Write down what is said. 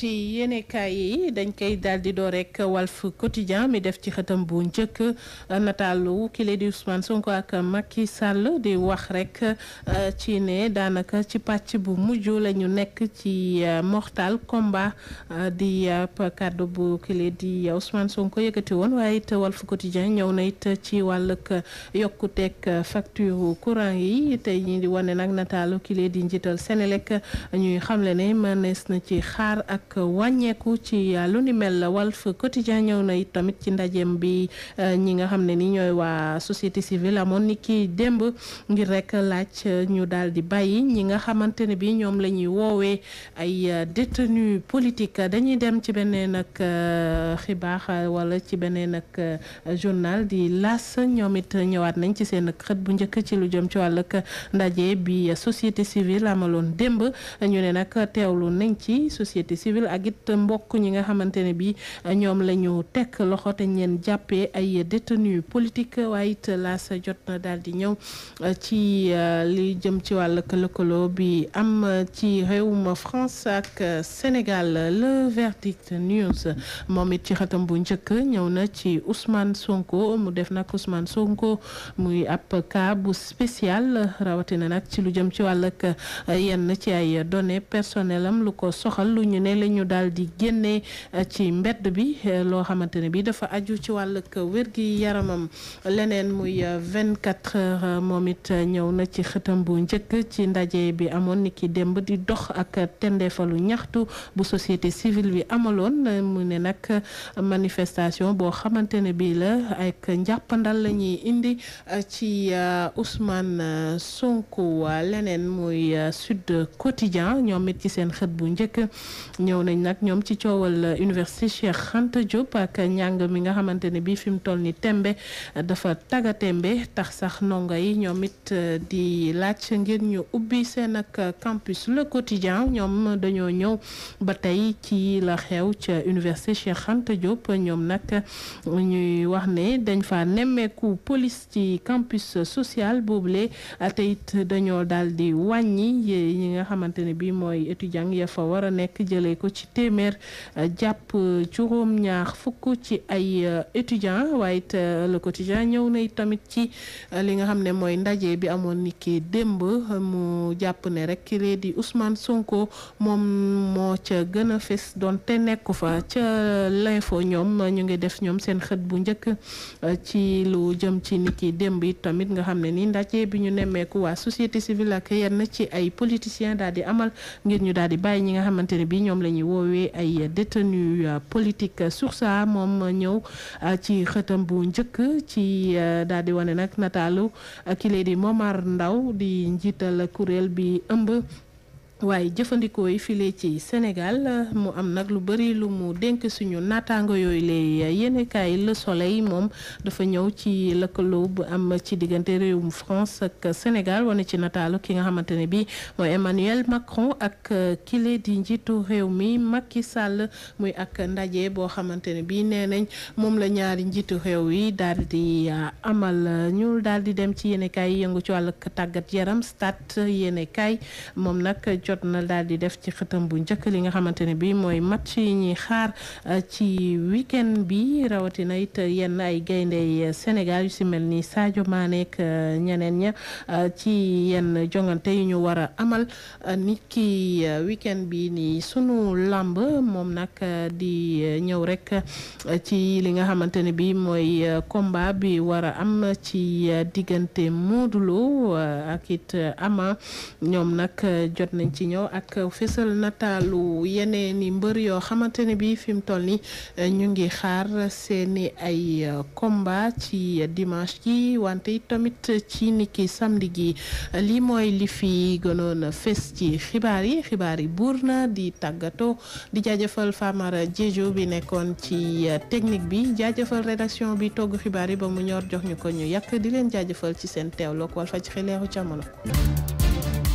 ci yéenekaay yi dañ koy daal di doo rekk rek Walf Quotidien mi def ci xëtam bu njëkk nataalu kile di Ousmane Sonko ak Macky Sall di wax rek euh, ci ne daanaka ci pàcc bu mujj lañu nekk ci euh, mortal combat euh, di kàddu bu kile di Ousmane Sonko yëkkati woon waaye it Walf Quotidien ñëw na it ci wàllug yokkuteeg facture courant yi te ñi di wane nag nataalu kile di njiital Senelec ñuy xamle ne mënees na ci xaar ak ak wàññeeku ci euh, lu ni mel Walf Quotidien ñëw na it tamit ci ndajeem bi euh, ñi nga xam ne ni ñooy waa société civile amoon ni kii démb ngir rek laaj euh, ñu daal di bàyyi ñi nga xamante ne bi ñoom la ñuy woowee ay détenus politique dañuy dem ci beneen ak xibaax wala ci beneen ak journal di las ñoom it ñëwaat nañ ci seen xët bu njëkk ci lu jëm ci wàllug ndaje bi société civile amaloon démb ñu ne nag teewlu nañ ci société civile civile mbokk ñi nga xamante ne bi euh, ñoom la ñu teg loxo te ñeen jàppee ay détenus politique waaye it sa jot na daal di ñëw euh, ci euh, li jëm ci wàll lëkkaloo bi am ci réewum France ak Sénégal le verdict news moom it ci xatam bu njëkk ñëw na ci Ousmane Sonko mu def nag Ousmane Sonko muy ab cas bu spécial rawatina nag ci lu jëm ci wàll ak yenn ci ay données personnelles lu ko soxal lu ñu ne la ñu daal di génnee eh, ci mbedd bi eh, loo xamante ne bi dafa aju ci wàllug wér gi yaramam leneen muy 24 eh, heures moom it ñëw na ci xëtam bu njëkk ci ndaje bi amoon ni ki démb di dox ak tendeefalu ñaxtu bu société civile bi amaloon mu ne nag manifestation boo xamante ne bi la ak njàppandal la ñuy indi ci Ousmane Sonko leneen muy Sud Quotidien ñoom it ci seen xët bu njëkk ñëw nag ñoom ci coowal euh, université Cheikh Anta Diop ak njàng mi nga xamante ne bii fi mu toll ni tembe dafa taga tembe tax sax ndongo yi ñoom it euh, di laaj ngir ñu ubbi seen ak euh, campus le quotidien ñoom dañoo ñëw ba tey ci la xew ca université Cheikh Anta Diop ñoom nag ñuy wax ne dañ fa nemmeeku police ci campus sociale boobule ah, te it dañoo dal di wàññi ñi nga xamante ne mooy étudiant ya fa war nekk jëlee ko ci téeméer euh, jàpp euh, juróom-ñaar fukk ci ay euh, étudiants waaye it le quotidien ñëw na tamit ci li nga xam ne mooy ndaje bi amoon ni ki démb mu jàpp ne rek kii di Ousmane Sonko moom moo ca gën a fes donte nekku fa ca l'info ñoom ñu ngi def ñoom seen xët bu njëkk ci lu jëm ci ni ki démb it tamit nga xam ne ni ndaje bi ñu nemmeeku waa société civile ak yenn ci ay politiciens daal di amal ngir ñu daal di bàyyi ñi nga xamante ne bii ñoom lañ ñuy woowee ay détenus euh, politiques source a moom ñëw euh, ci xëtam bu njëkk ci euh, daal di wane nag nataalu kile di Momar Ndaw di njiital kuréel bi ëmb waaye jëfandikoo yi file ci Sénégal mu am nag lu bari lu mu dénk suñu naataango yooyu lay yéenekaay Le Soleil moom dafa ñëw ci lëkkaloo bu am ci diggante réewum France ak Sénégal wane ci nataalu ki nga xamante ne bi mooy Emmanuel Macron ak kileet yi njiitu réew mi Macky Sall muy ak ndaje boo xamante ne bi nee nañ moom la ñaari njiitu réew yi daal di amal ñuul daal di dem ci yéenekaay yëngu ci wàll tàggat yaram stade yéenekaay moom nag jot na daal di def ci xëtam bu njëkk li nga xamante ne bi mooy match yi ñuy xaar euh, ci weekend bi rawatina it yenn ay gaynde Sénégal yu si mel ni Sadio maaneek ak euh, ñeneen ña euh, ci yenn jongante yu ñu war a amal nit ki weekend bi ni sunu làmb moom nag di ñëw rek ci li nga xamante ne bi mooy combat bi war a am ci diggante Modou Lo ak it Ama ñoom nag jot nañ ci ñëw ak fésal nataalu yeneen i mbër yoo xamante ne bi fi mu toll ni eh, ñu ngi xaar seeni ay komba eh, ci dimanche gi wante tamit ci niki samedi gi lii mooy li fi gënoon fés ci xibaar yi xibaar yi buur na di tàggatoo di jaajëfal Famara Diédhiou bi nekkoon ci eh, technique bi jaajëfal rédaction bi togg xibaar yi ba mu ñor jox ñu ko ñu yàq di leen jaajëfal ci seen teewloog Walfadjri leeru jamono